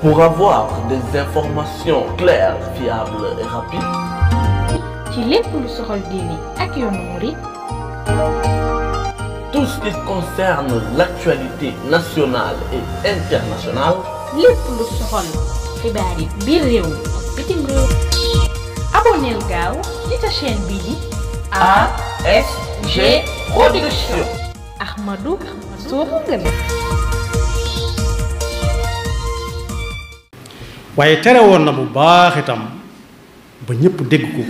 Pour avoir des informations claires, fiables et rapides, ci les lu soxal diine ak yoonu murit. Tout ce qui concerne l'actualité nationale et internationale. Les lu soxal xibaar yi biir réew mi Abonnez-vous à abonneel gaaw ci chaîne bii ASG Production. Ahmadou Sow waaye tere woon na bu baax itam ba ñëpp dégg ko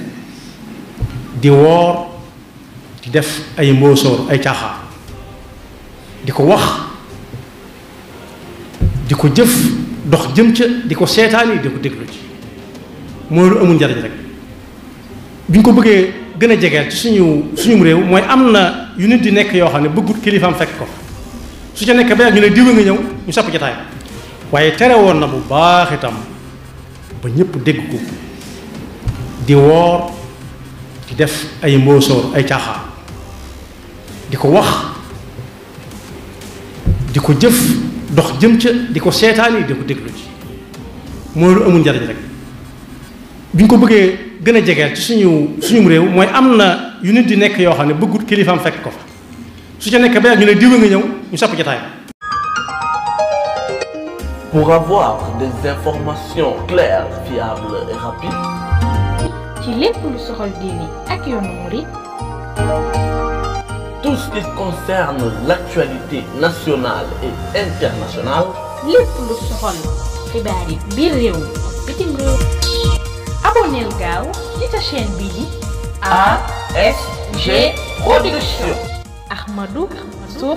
di woor di def ay mbóosóor ay caaxaan di ko wax di ko jëf dox jëm ca di ko seetaani di ko déglu ci mooy lu amul njariñ rek bi ñu ko bëggee gën a jegeel ci suñu suñum réew mooy am na yu nit di nekk yoo xam ne bëggut kilifaam fekk ko su ca nekk ba ñu ne diw nga ñëw ñu sapp jataay waaye tere woon na bu baax itam ba ñëpp dégg ko di woor di def ay mbóosóor ay caaxaan di ko wax di ko jëf dox jëm ca di ko seetaan yi di ko déglu ci mooy lu amul njariñ rek bi ñu ko bëggee gën a jegeel ci suñu suñu réew mooy am na yu nit di nekk yoo xam ne bëggut kilifaam fekk ko fa su ca nekk ba ñu ne diw nga ñëw ñu sapp jataay Pour avoir des informations claires, fiables et rapides, ci lépp lu soxal diine ak Tout ce qui concerne l'actualité nationale et internationale. lépp lu soxal xibaar yi biir réew Abonnez-vous à réew. chaîne Billy ASG Production. Ahmadou Sow